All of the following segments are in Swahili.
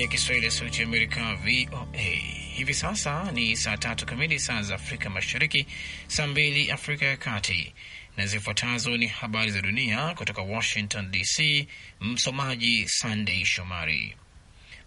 ya Kiswahili ya Sauti ya Amerika, VOA. Hivi sasa ni saa tatu kamili saa za Afrika Mashariki, saa mbili Afrika ya Kati, na zifuatazo ni habari za dunia kutoka Washington DC. Msomaji Sandei Shomari.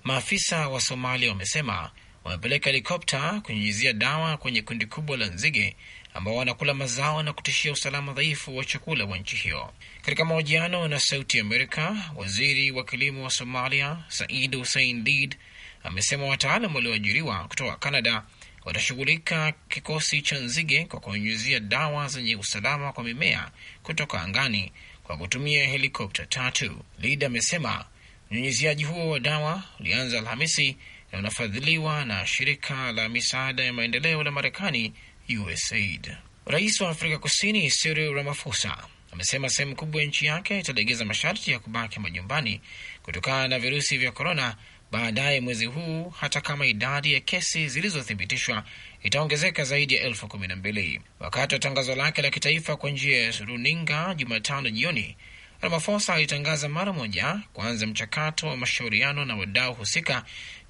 Maafisa wa Somalia wamesema wamepeleka helikopta kunyunyizia dawa kwenye kundi kubwa la nzige ambao wanakula mazao na kutishia usalama dhaifu wa chakula wa nchi hiyo. Katika mahojiano na Sauti Amerika, waziri wa kilimo wa Somalia Said Hussein Lid amesema wataalam walioajiriwa kutoka Canada watashughulika kikosi cha nzige kwa kunyunyizia dawa zenye usalama kwa mimea kutoka angani kwa kutumia helikopta tatu. Lid amesema unyunyiziaji huo wa dawa ulianza Alhamisi na unafadhiliwa na shirika la misaada ya maendeleo la Marekani USAID. Rais wa Afrika Kusini Cyril Ramaphosa amesema sehemu kubwa ya nchi yake italegeza masharti ya kubaki majumbani kutokana na virusi vya korona baadaye mwezi huu, hata kama idadi ya kesi zilizothibitishwa itaongezeka zaidi ya elfu kumi na mbili. Wakati wa tangazo lake la kitaifa kwa njia ya runinga Jumatano jioni, Ramafosa alitangaza mara moja kuanza mchakato wa mashauriano na wadau husika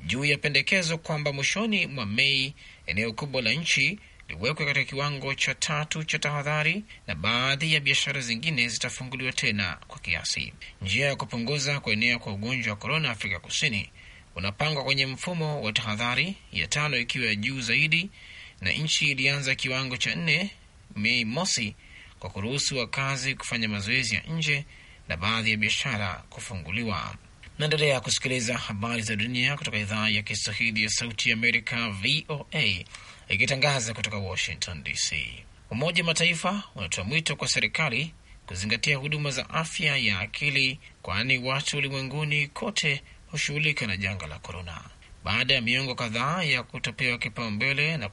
juu ya pendekezo kwamba mwishoni mwa Mei eneo kubwa la nchi iwekwe katika kiwango cha tatu cha tahadhari na baadhi ya biashara zingine zitafunguliwa tena kwa kiasi. Njia ya kupunguza kuenea kwa ugonjwa wa korona Afrika Kusini unapangwa kwenye mfumo wa tahadhari ya tano ikiwa ya juu zaidi, na nchi ilianza kiwango cha nne Mei mosi kwa kuruhusu wakazi kufanya mazoezi ya nje na baadhi ya biashara kufunguliwa. Naendelea kusikiliza habari za dunia kutoka idhaa ya Kiswahili ya Sauti ya Amerika, VOA, ikitangaza kutoka Washington DC. Umoja wa Mataifa unatoa mwito kwa serikali kuzingatia huduma za afya ya akili, kwani watu ulimwenguni kote hushughulika na janga la korona. Baada ya miongo kadhaa ya kutopewa kipaumbele na,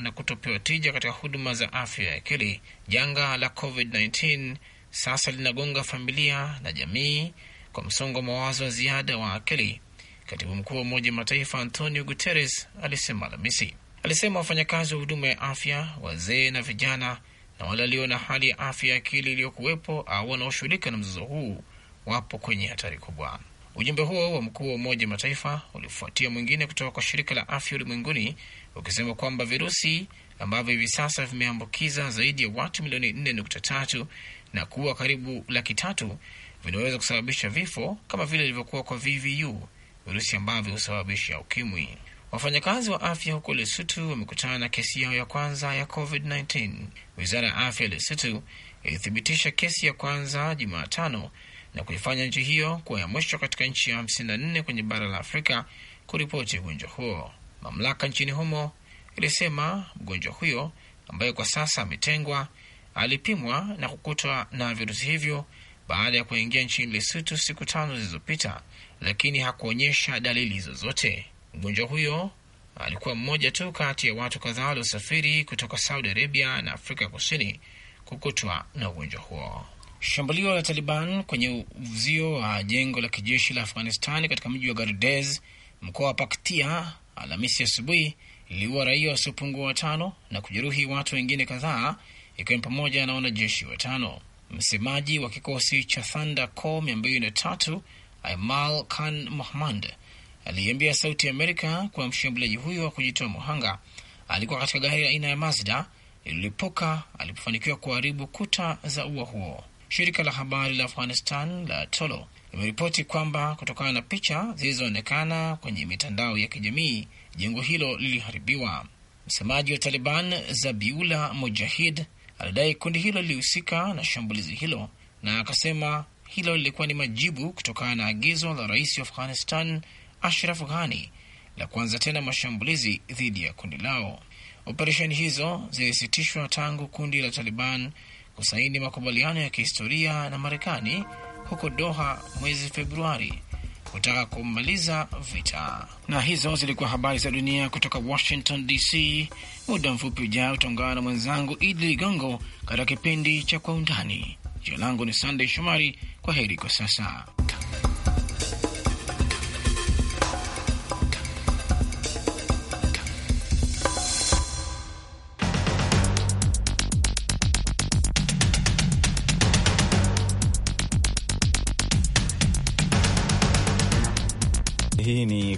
na kutopewa tija katika huduma za afya ya akili, janga la COVID-19 sasa linagonga familia na jamii kwa msongo wa mawazo wa ziada wa akili. Katibu mkuu wa Umoja Mataifa Antonio Guterres alisema Alhamisi, alisema wafanyakazi wa huduma ya afya, wazee na vijana, na wale walio na hali ya afya ya akili iliyokuwepo au wanaoshughulika na mzozo huu wapo kwenye hatari kubwa. Ujumbe huo wa mkuu wa Umoja Mataifa ulifuatia mwingine kutoka kwa Shirika la Afya Ulimwenguni ukisema kwamba virusi ambavyo hivi sasa vimeambukiza zaidi ya watu milioni 4.3 na kuwa karibu laki tatu vinaweza kusababisha vifo kama vile ilivyokuwa kwa VVU, virusi ambavyo husababisha ukimwi. Wafanyakazi wa afya huko Lesutu wamekutana na kesi yao ya kwanza ya COVID-19. Wizara ya afya Lesutu ilithibitisha kesi ya kwanza Jumatano na kuifanya nchi hiyo kuwa ya mwisho katika nchi ya 54 kwenye bara la Afrika kuripoti ugonjwa huo. Mamlaka nchini humo ilisema mgonjwa huyo ambaye kwa sasa ametengwa alipimwa na kukutwa na virusi hivyo baada ya kuingia nchini lesutu siku tano zilizopita, lakini hakuonyesha dalili zozote. Mgonjwa huyo alikuwa mmoja tu kati ya watu kadhaa waliosafiri kutoka Saudi Arabia na Afrika Kusini kukutwa na ugonjwa huo. Shambulio la Taliban kwenye uzio wa jengo la kijeshi la afghanistan katika mji wa Gardez, mkoa wa Paktia, Alhamisi asubuhi liliua raia wasiopungua watano na kujeruhi watu wengine kadhaa ikiwa ni pamoja na wanajeshi watano. Msemaji wa kikosi cha Thunder Corps mia mbili na tatu Aimal Khan Mohammad aliyeambia Sauti ya Amerika kuwa mshambuliaji huyo wa kujitoa muhanga alikuwa katika gari aina ya Mazda ililipuka alipofanikiwa kuharibu kuta za ua huo. Shirika la habari la Afghanistan la Tolo limeripoti kwamba kutokana na picha zilizoonekana kwenye mitandao ya kijamii jengo hilo liliharibiwa. Msemaji wa Taliban Zabiula Mujahid alidai kundi hilo lilihusika na shambulizi hilo na akasema hilo lilikuwa ni majibu kutokana na agizo la rais wa Afghanistan Ashraf Ghani la kuanza tena mashambulizi dhidi ya kundi lao. Operesheni hizo zilisitishwa tangu kundi la Taliban kusaini makubaliano ya kihistoria na Marekani huko Doha mwezi Februari kutaka kumaliza vita. Na hizo zilikuwa habari za dunia kutoka Washington DC. Muda mfupi ujao utaungana na mwenzangu Idi Ligongo katika kipindi cha Kwa Undani. Jina langu ni Sandey Shomari. Kwa heri kwa sasa.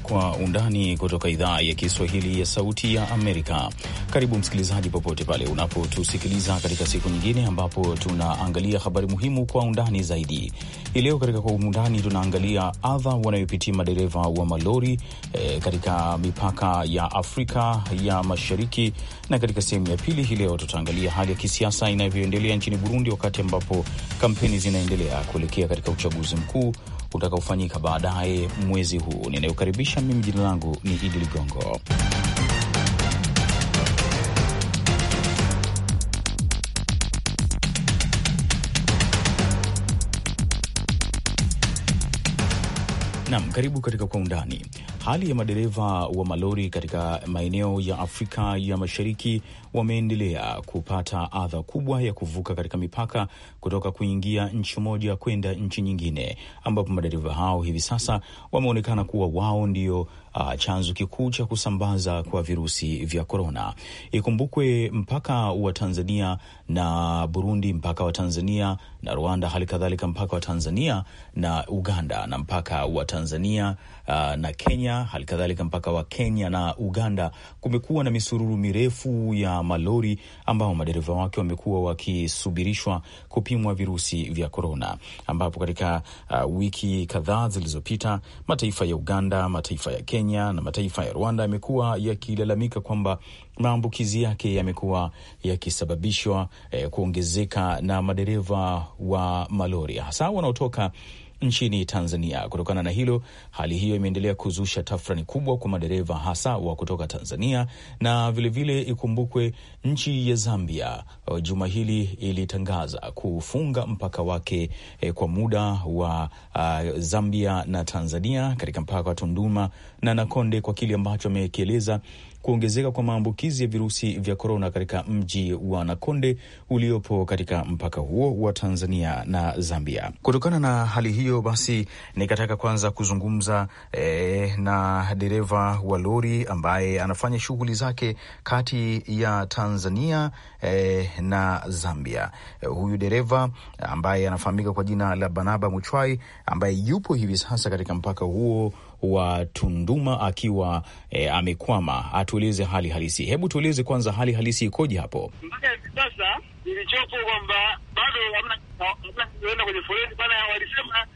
kwa undani kutoka idhaa ya Kiswahili ya Sauti ya Amerika. Karibu msikilizaji, popote pale unapotusikiliza katika siku nyingine ambapo tunaangalia habari muhimu kwa undani zaidi. Hii leo katika kwa undani tunaangalia adha wanayopitia madereva wa malori e, katika mipaka ya Afrika ya Mashariki, na katika sehemu ya pili hii leo tutaangalia hali ya kisiasa inavyoendelea nchini Burundi wakati ambapo kampeni zinaendelea kuelekea katika uchaguzi mkuu utakaofanyika baadaye mwezi huu. Ninayokaribisha mimi, jina langu ni Idi Ligongo. Nam, karibu katika Kwa Undani. Hali ya madereva wa malori katika maeneo ya Afrika ya Mashariki wameendelea kupata adha kubwa ya kuvuka katika mipaka kutoka kuingia nchi moja kwenda nchi nyingine, ambapo madereva hao hivi sasa wameonekana kuwa wao ndio uh, chanzo kikuu cha kusambaza kwa virusi vya korona. Ikumbukwe mpaka wa Tanzania na Burundi, mpaka wa Tanzania na Rwanda, hali kadhalika mpaka wa Tanzania na Uganda na mpaka wa Tanzania uh, na Kenya, hali kadhalika mpaka wa Kenya na Uganda, kumekuwa na misururu mirefu ya malori ambao madereva wake wamekuwa wakisubirishwa kupimwa virusi vya korona, ambapo katika uh, wiki kadhaa zilizopita mataifa ya Uganda, mataifa ya Kenya Kenya na mataifa ya Rwanda yamekuwa yakilalamika kwamba maambukizi yake yamekuwa yakisababishwa eh, kuongezeka na madereva wa malori hasa wanaotoka nchini Tanzania. Kutokana na hilo, hali hiyo imeendelea kuzusha tafrani kubwa kwa madereva hasa wa kutoka Tanzania na vilevile vile, ikumbukwe nchi ya Zambia uh, juma hili ilitangaza kufunga mpaka wake eh, kwa muda wa uh, Zambia na Tanzania katika mpaka wa Tunduma na Nakonde kwa kile ambacho amekieleza kuongezeka kwa maambukizi ya virusi vya korona katika mji wa Nakonde uliopo katika mpaka huo wa Tanzania na Zambia. Kutokana na hali hiyo basi, nikataka kwanza kuzungumza eh, na dereva wa lori ambaye anafanya shughuli zake kati ya Tanzania eh, na Zambia. Eh, huyu dereva ambaye anafahamika kwa jina la Banaba Muchwai ambaye yupo hivi sasa katika mpaka huo wa Tunduma akiwa e, amekwama, atueleze hali halisi. Hebu tueleze kwanza hali halisi ikoje hapo mpaka hivi sasa ilichopo, kwamba bado hamna kwenye foleni, maana walisema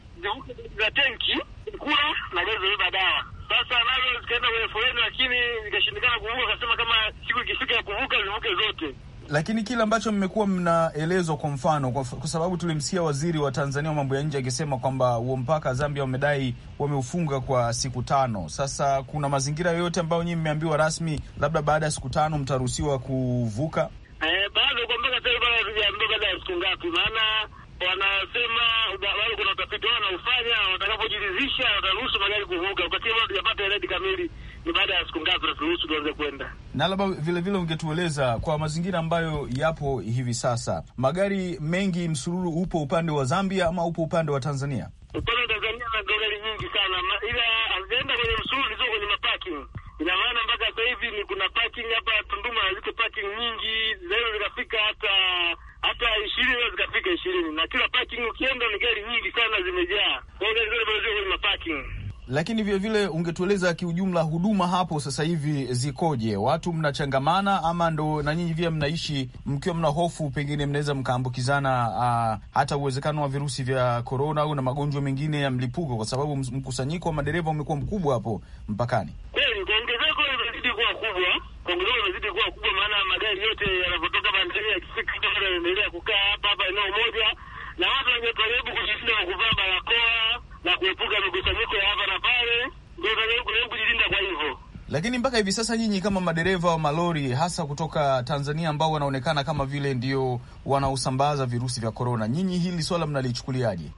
za tenki kula na gari dawa sasa nazo zikaenda kwenye foleni, lakini zikashindikana kuvuka. Akasema kama siku ikifika ya kuvuka zivuke zote lakini kile ambacho mmekuwa mnaelezwa, kwa mfano, kwa sababu tulimsikia waziri wa Tanzania wa mambo ya nje akisema kwamba huo mpaka Zambia wamedai wameufunga kwa siku tano. Sasa kuna mazingira yoyote ambayo nyinyi mmeambiwa rasmi, labda baada ya siku tano mtaruhusiwa kuvuka? Eh, bado kwa mpaka sasa bado hatujaambiwa baada ya siku ngapi, maana wanasema bado kuna utafiti wao wanaufanya, watakapojiridhisha wataruhusu magari kuvuka, wakati bado hatujapata kamili ni baada ya siku ngapi naturuhusu tuanze kwenda. Na labda vile ungetueleza kwa mazingira ambayo yapo hivi sasa, magari mengi, msururu upo upande wa Zambia ama upo upande wa Tanzania? Upande wa Tanzania magari nyingi sana, ma, ila hazijaenda kwenye msururu, sio kwenye maparking. Ina maana mpaka sasa hivi ni kuna parking hapa Tunduma, ziko parking nyingi zaidi, zikafika hata hata ishirini leo zikafika ishirini, na kila parking ukienda ni gari nyingi sana zimejaa, kwa hiyo gari zote kwenye maparking lakini vilevile ungetueleza kiujumla, huduma hapo sasa hivi zikoje? Watu mnachangamana ama ndo na nyinyi pia mnaishi mkiwa mna hofu, pengine mnaweza mkaambukizana uh, hata uwezekano wa virusi vya korona au na magonjwa mengine ya mlipuko, kwa sababu mkusanyiko wa madereva umekuwa mkubwa hapo mpakani? Ongezeko kuwa kubwa, ongezeko kuwa kubwa, maana magari yote yanavyotoka bandari yakifika yanaendelea kukaa hapa hapa eneo moja, na watu wenye karibu kuvaa barakoa na kuepuka mikusanyiko ya hapa na pale, ndio tunajaribu kujilinda. Kwa hivyo lakini mpaka hivi sasa nyinyi kama madereva wa malori hasa kutoka Tanzania ambao wanaonekana kama vile ndio wanaosambaza virusi vya korona, nyinyi hili swala mnalichukuliaje?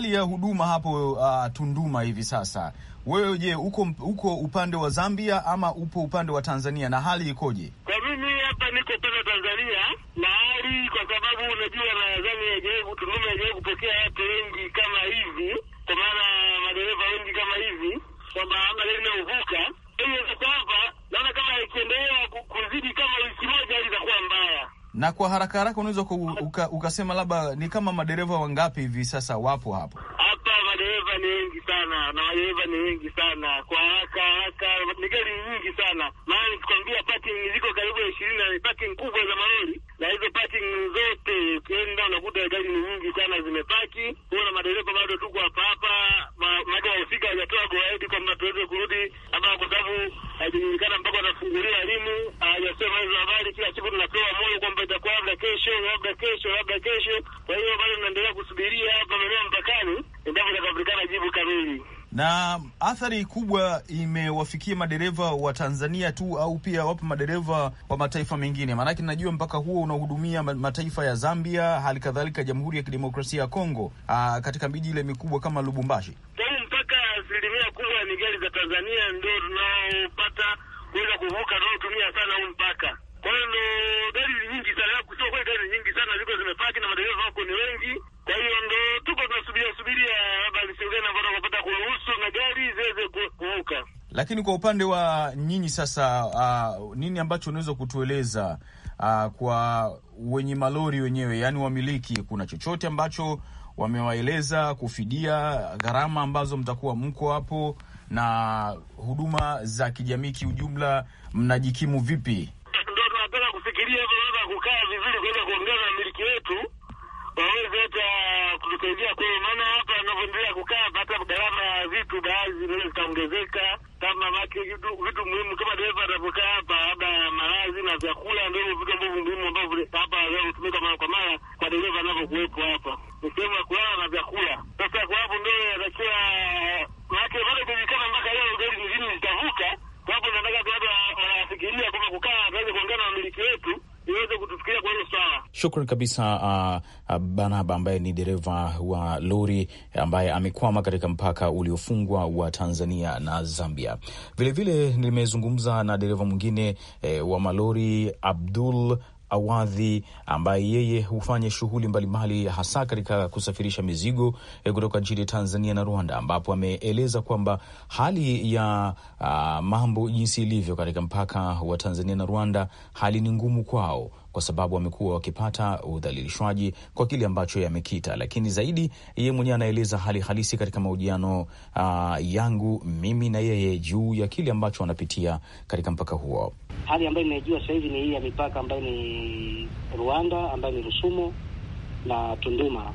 hali ya huduma hapo uh, Tunduma hivi sasa, wewe je, uko, uko upande wa Zambia ama upo upande wa Tanzania na hali ikoje? kwa haraka haraka unaweza uka, ukasema labda ni kama madereva wangapi hivi sasa wapo hapo? Hapa madereva ni wengi sana, na madereva ni wengi sana kwa haraka haraka, ni gari nyingi sana maana nikikwambia, parking ziko karibu ya ishirini na parking kubwa za maana athari kubwa imewafikia madereva wa Tanzania tu au pia wapo madereva wa mataifa mengine? Maanake najua mpaka huo unahudumia mataifa ya Zambia, hali kadhalika Jamhuri ya Kidemokrasia ya Kongo, aa, ah, katika miji ile mikubwa kama Lubumbashi. Tangu mpaka asilimia kubwa ni gari za Tanzania ndio tunaopata kuweza kuvuka, tunaotumia sana huu mpaka kwa hiyo ndo gari nyingi sana kusema kweli, gari nyingi sana ziko zimepaki na madereva wako ni wengi kwa hiyo ndo tuko tunasubiria subiria habari serikali ambao kupata kuruhusu na gari ziweze kuuka. Lakini kwa upande wa nyinyi sasa, uh, nini ambacho unaweza kutueleza uh, kwa wenye malori wenyewe, yaani wamiliki, kuna chochote ambacho wamewaeleza kufidia gharama ambazo mtakuwa mko hapo na huduma za kijamii kiujumla, mnajikimu vipi? Ndio tunapenda kufikiria hivyo, kukaa vizuri, kuweza kuongea na wamiliki wetu zote kutusaidia kweli, maana hapa anavyoendelea kukaa hata gharama ya vitu baadhi zinaweza zikaongezeka, kama make vitu muhimu kama dereva anavyokaa hapa, labda malazi na vyakula, ndio vitu ambavyo muhimu ambavyo hapa vinatumika mara kwa mara kwa dereva anavyokuwepo hapa, ni sehemu ya kulala na vyakula. Shukran kabisa uh, uh Banaba ambaye ni dereva wa lori ambaye amekwama katika mpaka uliofungwa wa Tanzania na Zambia. Vilevile nimezungumza na dereva mwingine eh, wa malori Abdul Awadhi ambaye yeye hufanya shughuli mbalimbali hasa katika kusafirisha mizigo eh, kutoka nchini Tanzania na Rwanda, ambapo ameeleza kwamba hali ya uh, mambo jinsi ilivyo katika mpaka wa Tanzania na Rwanda, hali ni ngumu kwao kwa sababu wamekuwa wakipata udhalilishwaji kwa kile ambacho yamekita. Lakini zaidi yeye mwenyewe anaeleza hali halisi katika mahojiano uh, yangu mimi na yeye juu ya kile ambacho wanapitia katika mpaka huo. Hali ambayo inaijua sasa hivi ni hii ya mipaka ambayo ni Rwanda, ambayo ni Rusumo na Tunduma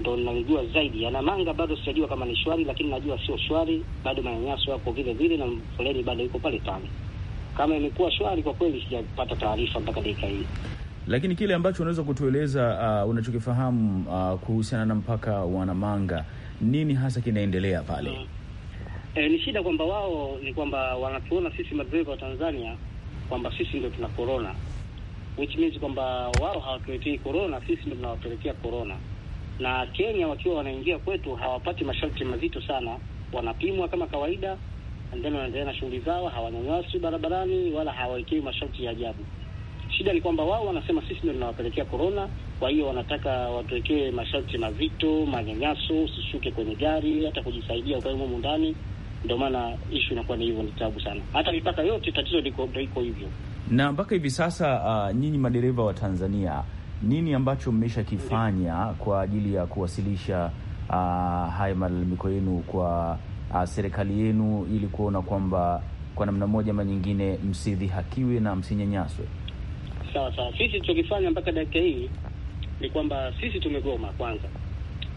ndo nalijua zaidi. Yanamanga bado sijajua kama ni shwari, lakini najua sio shwari, bado manyanyaso yako vile vile na foleni bado iko pale pale. Kama imekuwa shwari, kwa kweli sijapata taarifa mpaka dakika hii lakini kile ambacho unaweza kutueleza uh, unachokifahamu uh, kuhusiana na mpaka wa Namanga, nini hasa kinaendelea pale? Mm. E, ni shida kwamba wao ni kwamba wanatuona sisi madereva wa Tanzania kwamba sisi ndio tuna corona, which means kwamba wao hawatuletei corona, sisi ndio tunawapelekea corona. Na Kenya wakiwa wanaingia kwetu hawapati masharti mazito sana, wanapimwa kama kawaida, and then wanaendelea na shughuli zao, hawanyanyasi barabarani wala hawawekewi masharti ya ajabu. Shida ni kwamba wao wanasema sisi ndio tunawapelekea korona, kwa hiyo wanataka watuwekee masharti mazito, manyanyaso, usishuke kwenye gari, hata kujisaidia ukae humo ndani. Ndio maana ishu inakuwa ni hivyo, ni tabu sana. Hata mipaka yote tatizo liko iko hivyo, na mpaka hivi sasa uh, nyinyi madereva wa Tanzania, nini ambacho mmeshakifanya kwa ajili ya kuwasilisha uh, haya malalamiko yenu kwa uh, serikali yenu ili kuona kwamba kwa namna moja ama nyingine msidhihakiwe na msinyanyaswe? Sawa sawa, sisi tulichokifanya mpaka dakika hii ni kwamba sisi tumegoma kwanza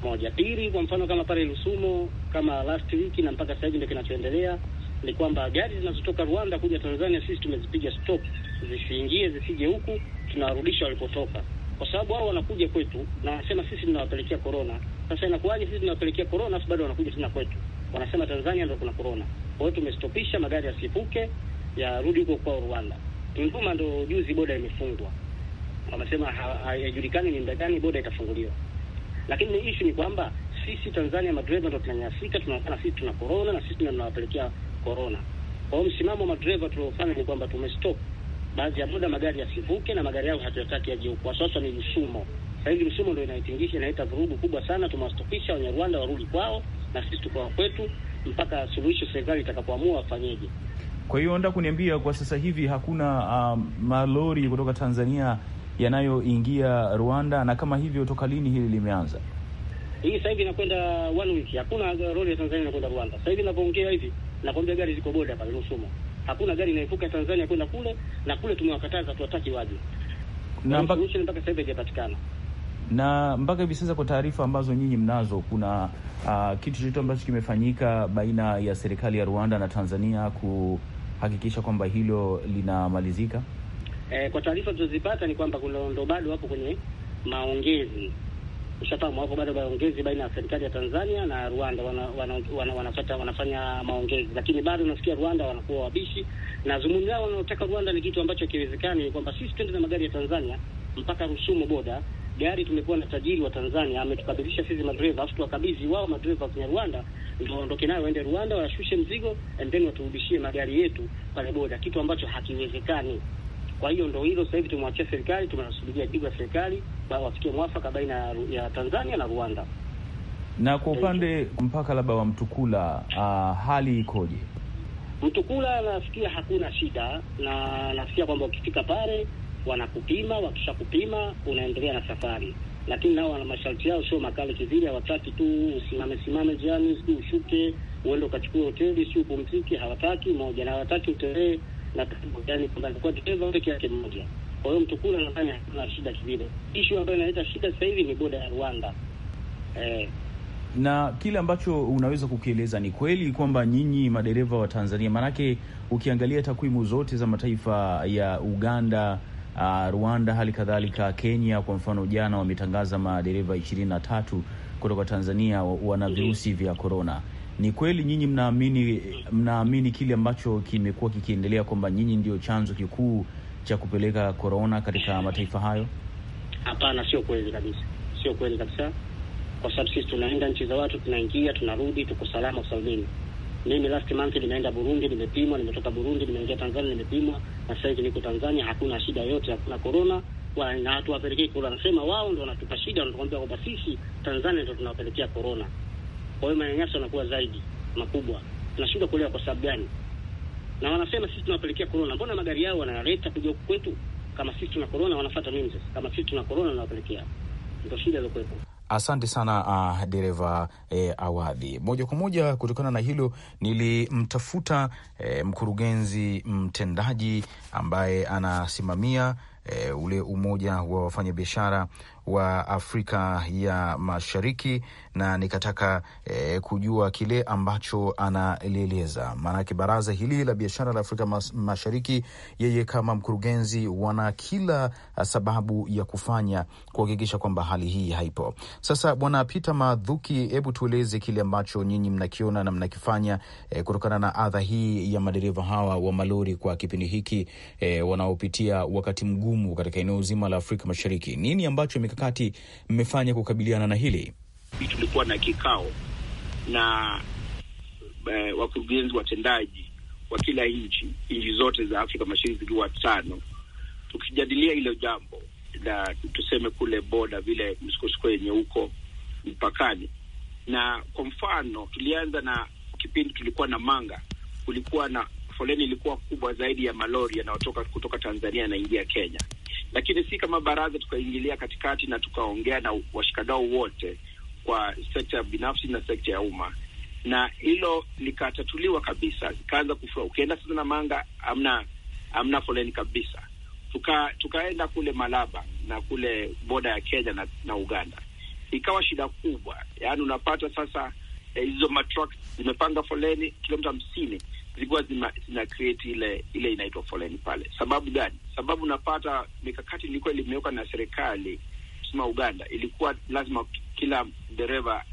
moja. Pili, kwa mfano kama pale Rusumo, kama last week na mpaka sasa hivi ndio kinachoendelea ni kwamba gari zinazotoka Rwanda kuja Tanzania sisi tumezipiga stop, zisiingie zisije huku, tunawarudisha walipotoka, kwa sababu wao wanakuja kwetu na wanasema sisi tunawapelekea corona. Sasa inakuwaje sisi tunawapelekea corona, bado wanakuja tena kwetu? wanasema Tanzania ndo kuna corona. Kwa hiyo tumestopisha magari yasivuke, yarudi huko kwao Rwanda. Tunduma ndo juzi boda imefungwa, wamesema haijulikani ni muda gani boda itafunguliwa, lakini ni issue ni kwamba sisi Tanzania madereva ndo tunanyasika, tunaonekana sisi tuna corona na sisi tunawapelekea corona. Kwa hiyo msimamo wa madereva tuliofanya ni kwamba tumestop baadhi ya muda magari yasivuke, na magari yao hatuyataki yaje huko. Kwa sasa ni msumo, sasa hivi msumo ndo inaitingisha, inaita vurugu kubwa sana. Tumewastopisha Wanyarwanda warudi kwao na sisi tuko kwetu mpaka suluhisho serikali itakapoamua wafanyeje. Kwa hiyo nda kuniambia kwa sasa hivi hakuna um, malori kutoka Tanzania yanayoingia Rwanda, na kama hivyo, toka lini hili limeanza? Hii sasa hivi inakwenda one week, hakuna lori ya Tanzania inakwenda Rwanda. Sasa hivi ninapoongea hivi, nakwambia gari ziko boda pale Rusumo, hakuna gari inaevuka Tanzania kwenda kule, na kule tumewakataza, tuwataki waje, na yaani mpaka sasa hivi haijapatikana na mpaka hivi sasa kwa taarifa ambazo nyinyi mnazo, kuna uh, kitu chochote ambacho kimefanyika baina ya serikali ya Rwanda na Tanzania kuhakikisha kwamba hilo linamalizika? E, kwa taarifa tulizozipata ni kwamba kuna ndo bado wapo kwenye maongezi, ushafahamu, wapo bado maongezi baina ya serikali ya Tanzania na Rwanda, wana, wana, wana, wanafanya maongezi, lakini bado nasikia Rwanda wanakuwa wabishi na zungumzo lao wanaotaka Rwanda ni kitu ambacho kiwezekani ni kwamba sisi tuende na magari ya Tanzania mpaka Rusumo boda gari tumekuwa na tajiri wa Tanzania ametukabidhisha sisi madereva, afu tuwakabidhi wao madereva kwenye Rwanda, ndio waondoke nayo waende Rwanda washushe mzigo and then waturudishie magari yetu pale boda, kitu ambacho hakiwezekani. Kwa hiyo ndo hilo sasa hivi tumewachia serikali, tunasubiria jibu la serikali wafikie mwafaka baina ya Tanzania na Rwanda. Na kwa upande mpaka labda wa Mtukula, uh, hali ikoje? Mtukula nafikia hakuna shida, na nafikia kwamba ukifika pale wanakupima, wakishakupima unaendelea na safari, lakini nao wana masharti yao, sio makali kivile. Hawataki tu usimame simame jiani, sijui ushuke uende ukachukua hoteli, sio upumzike. Hawataki moja na hawataki utelee na yani, kwamba alikuwa dereva peke yake mmoja. Kwa hiyo mtu mtukula nadhani hakuna shida kivile. Ishu ambayo inaleta shida sasa hivi ni boda ya Rwanda eh na kile ambacho unaweza kukieleza ni kweli kwamba nyinyi madereva wa Tanzania, maanake ukiangalia takwimu zote za mataifa ya Uganda, uh, Rwanda hali kadhalika Kenya. Kwa mfano jana wametangaza madereva ishirini na tatu kutoka Tanzania wana virusi vya korona. Ni kweli nyinyi mnaamini mnaamini kile ambacho kimekuwa kikiendelea kwamba nyinyi ndio chanzo kikuu cha kupeleka korona katika mataifa hayo? Hapana, sio kweli kabisa, sio kweli kabisa, kwa sababu sisi tunaenda nchi za watu, tunaingia, tunarudi, tuko salama salmini mimi last month nimeenda Burundi, nimepimwa, nimetoka Burundi, nimeingia Tanzania, nimepimwa na sasa hivi niko Tanzania, hakuna shida yote, hakuna corona wala na watu wapelekee corona. Nasema wao ndio wanatupa shida, wanatuambia kwamba sisi Tanzania ndio tunawapelekea corona. Kwa hiyo manyanyaso yanakuwa zaidi makubwa, tunashindwa kuelewa kwa sababu gani, na wanasema sisi tunawapelekea corona. Mbona magari yao wanaleta kuja huku kwetu? Kama sisi tuna corona wanafuata nini sasa? Kama sisi tuna corona wanawapelekea, ndio shida iliyokuwepo. Asante sana uh, dereva eh, Awadhi. Moja kwa moja kutokana na hilo nilimtafuta eh, mkurugenzi mtendaji ambaye anasimamia eh, ule umoja wa wafanyabiashara wa Afrika ya Mashariki, na nikataka eh, kujua kile ambacho analieleza, maanake baraza hili la biashara la Afrika mas Mashariki, yeye kama mkurugenzi, wana kila ah, sababu ya kufanya kuhakikisha kwamba hali hii haipo. Sasa Bwana Peter Madhuki, hebu tueleze kile ambacho nyinyi mnakiona na mnakifanya eh, kutokana na adha hii ya madereva hawa wa malori kwa kipindi hiki eh, wanaopitia wakati mgumu katika eneo zima la Afrika Mashariki, nini ambacho mikakati mmefanya kukabiliana na hili? Tulikuwa na kikao na eh, wakurugenzi watendaji wa kila nchi, nchi zote za Afrika Mashariki zikiwa tano, tukijadilia hilo jambo na tuseme kule boda vile msukosuko yenye huko mpakani. Na kwa mfano tulianza na kipindi tulikuwa na Manga, kulikuwa na foleni ilikuwa kubwa zaidi ya malori yanayotoka kutoka Tanzania yanaingia Kenya lakini si kama baraza tukaingilia katikati na tukaongea na washikadau wote kwa sekta ya binafsi na sekta ya umma, na hilo likatatuliwa kabisa, ikaanza kufua. Ukienda sasa na manga, amna amna foleni kabisa. Tuka, tukaenda kule Malaba na kule boda ya Kenya na, na Uganda, ikawa shida kubwa. Yaani unapata sasa eh, hizo eh, matrak zimepanga foleni kilomita hamsini zilikuwa zina create ile ile inaitwa foreign pale. Sababu gani? Sababu napata mikakati ilikuwa ilimewekwa na serikali kusema Uganda ilikuwa lazima kila dereva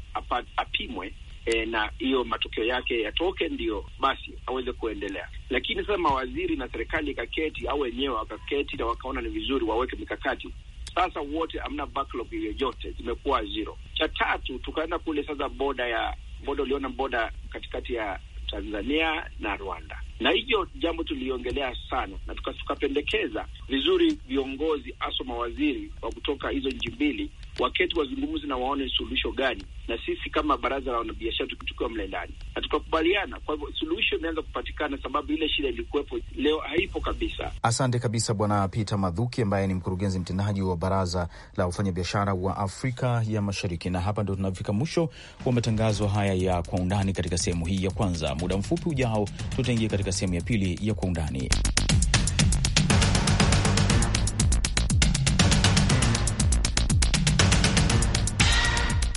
apimwe E, na hiyo matokeo yake yatoke ndio basi aweze kuendelea. Lakini sasa mawaziri na serikali ikaketi au wenyewe wakaketi na wakaona ni vizuri waweke mikakati. Sasa wote amna backlog yoyote, zimekuwa zero. Cha tatu tukaenda kule sasa boda ya boda, uliona boda katikati ya Tanzania na Rwanda, na hiyo jambo tuliongelea sana, na tukapendekeza vizuri viongozi, haswa mawaziri wa kutoka hizo nchi mbili waketi wazungumzi na waone suluhisho gani, na sisi kama baraza la wanabiashara tukitukiwa mle ndani na tukakubaliana. Kwa hivyo suluhisho imeanza kupatikana, sababu ile shida ilikuwepo leo haipo kabisa. Asante kabisa Bwana Peter Madhuki ambaye ni mkurugenzi mtendaji wa baraza la wafanyabiashara wa Afrika ya Mashariki. Na hapa ndo tunafika mwisho wa matangazo haya ya Kwa Undani katika sehemu hii ya kwanza. Muda mfupi ujao, tutaingia katika sehemu ya pili ya Kwa Undani.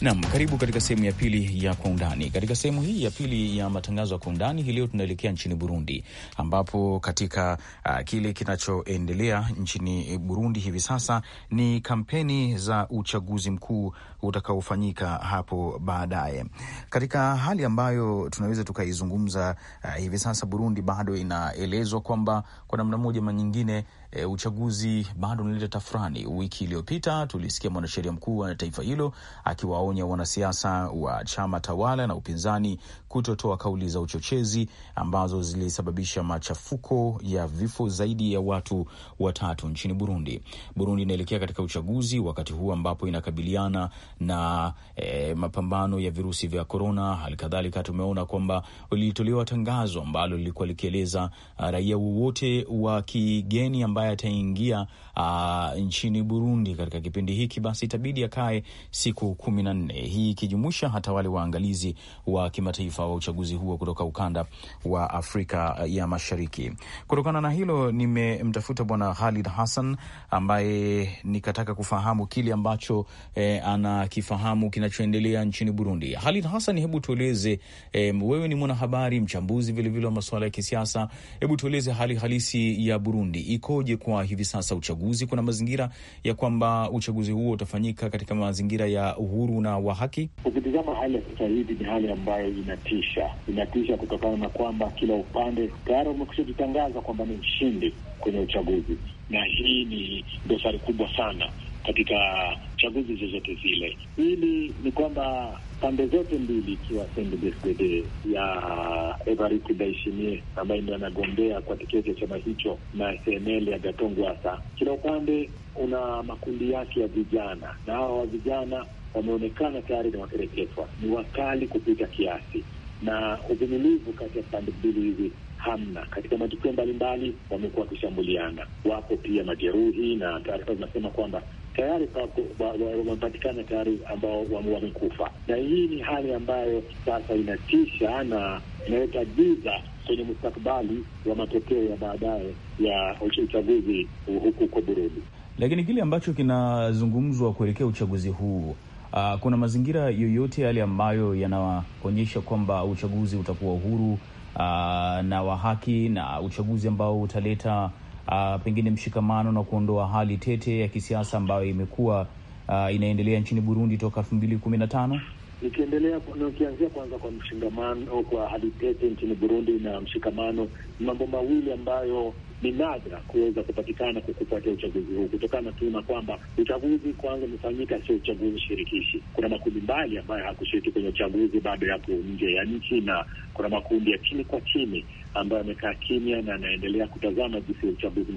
Nam, karibu katika sehemu ya pili ya kwa undani. Katika sehemu hii ya pili ya matangazo ya kwa undani hii leo tunaelekea nchini Burundi, ambapo katika uh, kile kinachoendelea nchini Burundi hivi sasa ni kampeni za uchaguzi mkuu utakaofanyika hapo baadaye. Katika hali ambayo tunaweza tukaizungumza uh, hivi sasa Burundi bado inaelezwa kwamba kwa namna moja manyingine e, uchaguzi bado unaleta tafurani. Wiki iliyopita tulisikia mwanasheria mkuu wa taifa hilo akiwaonya wanasiasa wa chama tawala na upinzani kutotoa kauli za uchochezi ambazo zilisababisha machafuko ya vifo zaidi ya watu watatu nchini Burundi. Burundi inaelekea katika uchaguzi wakati huu ambapo inakabiliana na e, mapambano ya virusi vya korona. Halikadhalika, tumeona kwamba lilitolewa tangazo ambalo lilikuwa likieleza raia wowote wa kigeni ambaye ambaye ataingia uh, nchini Burundi katika kipindi hiki, basi itabidi akae siku kumi na nne, hii ikijumuisha hata wale waangalizi wa kimataifa wa uchaguzi huo kutoka ukanda wa Afrika ya Mashariki. Kutokana na hilo, nimemtafuta Bwana Khalid Hassan ambaye nikataka kufahamu kile ambacho eh, anakifahamu kinachoendelea nchini Burundi. Khalid Hassan, hebu tueleze eh, wewe ni mwanahabari mchambuzi vilevile wa masuala ya kisiasa, hebu tueleze hali halisi ya Burundi ikoje? hivi kwa hivi sasa uchaguzi, kuna mazingira ya kwamba uchaguzi huo utafanyika katika mazingira ya uhuru na wa haki? Ukitizama hali ya sasa hivi ni hali ambayo inatisha, inatisha kutokana na kwamba kila upande tayari umekwisha jitangaza kwamba ni mshindi kwenye uchaguzi, na hii ni dosari kubwa sana katika chaguzi zozote zile. hili ni kwamba pande zote mbili, ikiwa CNDD-FDD ya Evariste Ndayishimiye ambaye ndio anagombea kwa tiketi ya chama hicho na CNL ya Agathon Rwasa, kila upande una makundi yake ya vijana, na hawa wa vijana wameonekana tayari na wakereketwa, ni wakali kupita kiasi, na uvumilivu kati ya pande mbili hizi hamna. Katika matukio mbalimbali wamekuwa wakishambuliana, wapo pia majeruhi, na taarifa zinasema kwamba tayari wamepatikana tayari ambao wamekufa, na hii ni hali ambayo sasa inatisha na inaleta giza kwenye mustakabali wa matokeo ya baadaye ya uchaguzi huku huko Burundi. Lakini kile ambacho kinazungumzwa kuelekea uchaguzi huu Uh, kuna mazingira yoyote yale ambayo yanaonyesha kwamba uchaguzi utakuwa uhuru uh, ah, na wa haki na uchaguzi ambao utaleta uh, pengine mshikamano na kuondoa hali tete ya kisiasa ambayo imekuwa uh, inaendelea nchini Burundi toka elfu mbili kumi na tano nikiendelea kwanza kwa mshikamano kwa hali tete nchini Burundi na mshikamano, mambo mawili ambayo ni nadra kuweza kupatikana kufuatia uchaguzi huu, kutokana tu na kwamba uchaguzi kwanza umefanyika, sio uchaguzi shirikishi. Kuna makundi mbali ambayo hakushiriki kwenye uchaguzi bado yapo nje ya nchi, na kuna makundi ya chini kwa chini ambaye amekaa kimya na anaendelea kutazama jinsi uchaguzi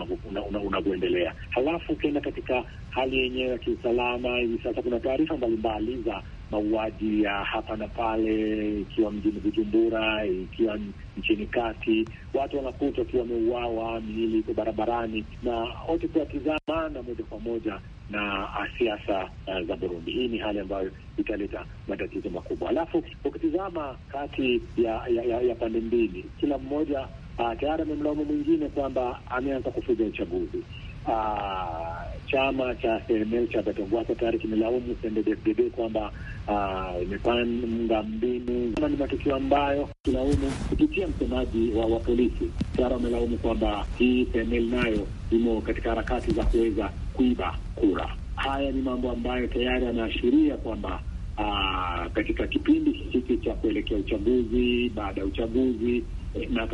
unavyoendelea. Halafu ukienda katika hali yenyewe ya kiusalama, hivi sasa kuna taarifa mbalimbali za mauaji ya hapa na pale, ikiwa mjini Bujumbura, ikiwa nchini kati, watu wanakuta wakiwa wameuawa, miili iko barabarani, na wote kuwatizamana moja kwa moja na siasa uh, za Burundi. Hii ni hali ambayo italeta matatizo makubwa. Alafu ukitizama kati ya, ya, ya, ya pande mbili, kila mmoja uh, tayari amemlaumu mwingine kwamba ameanza kufuja uchaguzi uh, chama cha CML cha Vatongwaso tayari kimelaumu CNDD-FDD kwamba ah, imepanga mbinu. Ni matukio ambayo kilaumu kupitia msemaji wa, wa polisi Sara wamelaumu kwamba hii CML nayo imo katika harakati za kuweza kuiba kura. Haya ni mambo ambayo tayari yanaashiria kwamba ah, katika kipindi hiki cha kuelekea uchaguzi, baada ya uchaguzi eh, na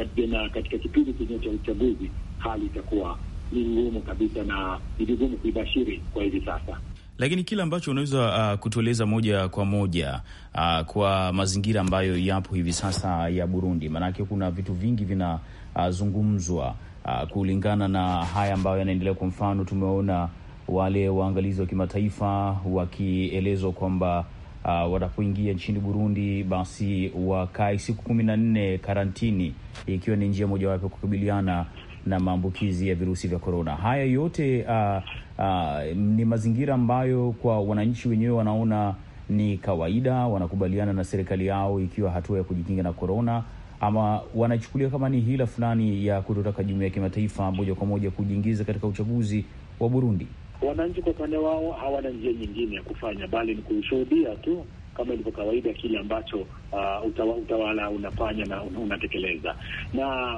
katika kipindi kingine cha uchaguzi, hali itakuwa ni ngumu kabisa na ni vigumu kuibashiri kwa hivi sasa lakini kile ambacho unaweza uh, kutueleza moja kwa moja uh, kwa mazingira ambayo yapo hivi sasa ya Burundi, maanake kuna vitu vingi vinazungumzwa uh, uh, kulingana na haya ambayo yanaendelea. Kwa mfano, tumeona wale waangalizi wa kimataifa wakielezwa kwamba uh, watapoingia nchini Burundi basi wakae siku kumi na nne karantini, ikiwa ni njia mojawapo ya kukabiliana na maambukizi ya virusi vya korona. Haya yote uh, uh, ni mazingira ambayo kwa wananchi wenyewe wanaona ni kawaida, wanakubaliana na serikali yao ikiwa hatua ya kujikinga na korona, ama wanachukulia kama ni hila fulani ya kutotaka jumuiya ya kimataifa moja kwa moja kujiingiza katika uchaguzi wa Burundi. Wananchi kwa upande wao hawana njia nyingine ya kufanya bali ni kushuhudia tu kama ilivyo kawaida kile ambacho uh, utawala unafanya na unatekeleza na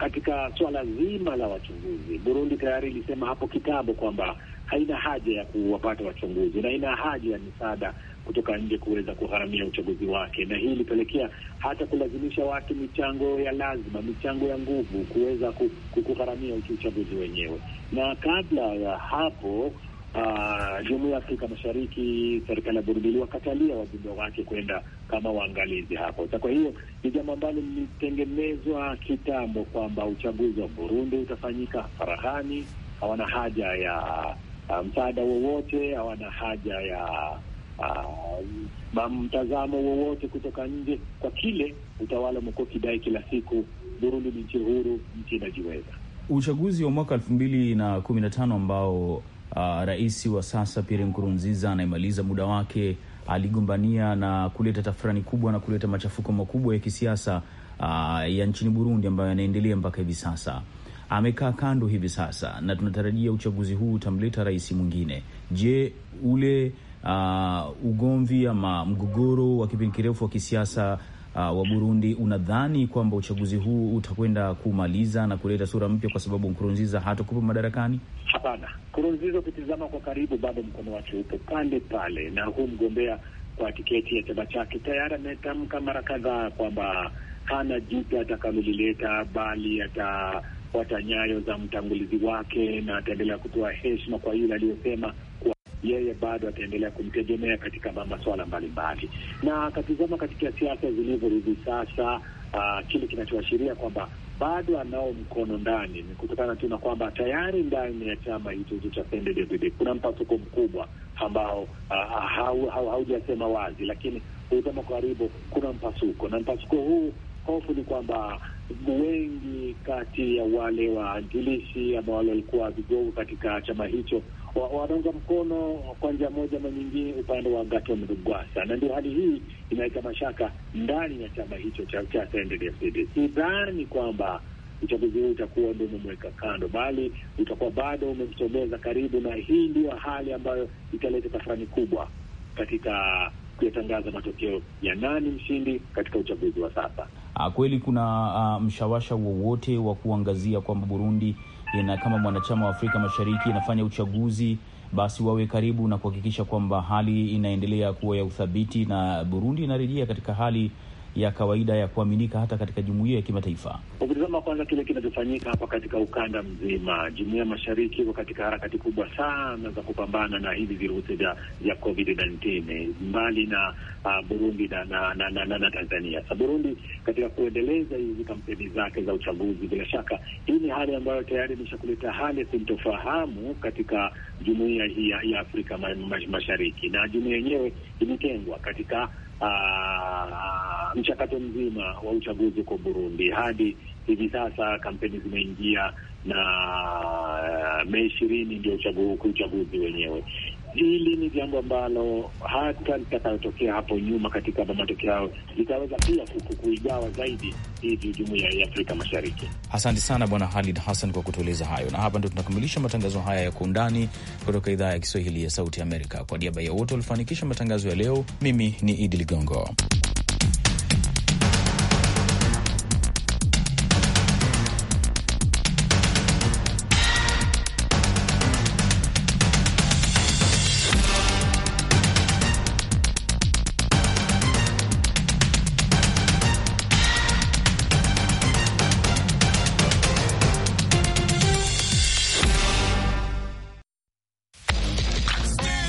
katika swala zima la wachunguzi. Burundi tayari ilisema hapo kitambo kwamba haina haja ya kuwapata wachunguzi na haina haja ya misaada kutoka nje kuweza kugharamia uchaguzi wake, na hii ilipelekea hata kulazimisha watu michango ya lazima, michango ya nguvu kuweza kugharamia uchaguzi wenyewe. Na kabla ya hapo uh, Jumuiya ya Afrika Mashariki, serikali ya Burundi iliwakatalia wajumbe wake kwenda kama waangalizi hapo. Sa kwa hiyo ni jambo ambalo lilitengenezwa kitambo kwamba uchaguzi wa Burundi utafanyika farahani, hawana haja ya uh, msaada wowote, hawana haja ya uh, mtazamo wowote kutoka nje, kwa kile utawala umekuwa ukidai kila siku, Burundi ni nchi huru, nchi inajiweza. Uchaguzi wa mwaka elfu mbili na kumi na tano ambao uh, rais wa sasa Pierre Nkurunziza anayemaliza muda wake aligombania na kuleta tafurani kubwa na kuleta machafuko makubwa ya kisiasa uh, ya nchini Burundi ambayo yanaendelea mpaka hivi sasa. Amekaa kando hivi sasa, na tunatarajia uchaguzi huu utamleta rais mwingine. Je, ule uh, ugomvi ama mgogoro wa kipindi kirefu wa kisiasa uh, wa Burundi, unadhani kwamba uchaguzi huu utakwenda kumaliza na kuleta sura mpya, kwa sababu Nkurunziza hatakupa madarakani? Hapana, Nkurunziza ukitizama kwa karibu, bado mkono wake upo pande pale, na huu mgombea kwa tiketi ya chama chake tayari ametamka mara kadhaa kwamba hana jipya atakalolileta, bali atafuata nyayo za mtangulizi wake na ataendelea kutoa heshima kwa yule aliyosema yeye bado ataendelea kumtegemea katika masuala mbalimbali, na akatizama katika siasa zilivyo hivi sasa. Uh, kile kinachoashiria kwamba bado anao mkono ndani ni kutokana tu na kwamba tayari ndani ya chama hicho hicho cha CNDD-FDD kuna mpasuko mkubwa ambao uh, haujasema hau, wazi, lakini hutama karibu kuna mpasuko, na mpasuko huu hofu ni kwamba wengi kati ya wale waanzilishi ama wale walikuwa vigogo katika chama hicho wanaunga mkono kwa njia moja ama nyingine upande wa Agathon Rwasa, na ndio hali hii inaweka mashaka ndani ya chama hicho cha CNDD-FDD. Sidhani kwamba uchaguzi huu utakuwa ndio umemweka kando, bali utakuwa bado umemsogeza karibu, na hii ndiyo hali ambayo italeta tafrani kubwa katika kuyatangaza matokeo ya nani mshindi katika uchaguzi wa sasa. Ah, kweli kuna uh, mshawasha wowote wa kuangazia kwamba Burundi ina kama mwanachama wa Afrika Mashariki inafanya uchaguzi, basi wawe karibu na kuhakikisha kwamba hali inaendelea kuwa ya uthabiti na Burundi inarejea katika hali ya kawaida ya kuaminika hata katika jumuiya ya kimataifa? Ukitizama kwanza kile kinachofanyika hapa katika ukanda mzima, jumuiya mashariki iko katika harakati kubwa sana za kupambana na hivi virusi vya COVID-19 mbali na uh, Burundi na, na, na, na, na, na Tanzania. Sa Burundi katika kuendeleza hizi kampeni zake za uchaguzi, bila shaka hii ni hali ambayo tayari imesha kuleta hali sintofahamu katika jumuiya hii ya Afrika ma, ma, Mashariki, na jumuiya yenyewe imetengwa katika uh, mchakato mzima wa uchaguzi huko Burundi hadi hivi sasa kampeni zimeingia na uh, Mei ishirini ndio uchaguzi wenyewe. Hili ni jambo ambalo hata litakayotokea hapo nyuma katika matokeo hayo litaweza pia kuigawa zaidi hii jumuiya ya Afrika Mashariki. Asante sana Bwana Halid Hassan kwa kutueleza hayo, na hapa ndio tunakamilisha matangazo haya ya Kwa Undani kutoka idhaa ya Kiswahili ya Sauti Amerika. Kwa niaba ya wote walifanikisha matangazo ya leo, mimi ni Idi Ligongo.